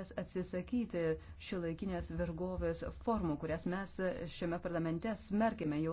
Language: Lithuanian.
reikalas atsisakyti šio laikinės vergovės formų, kurias mes šiame parlamente smerkime jau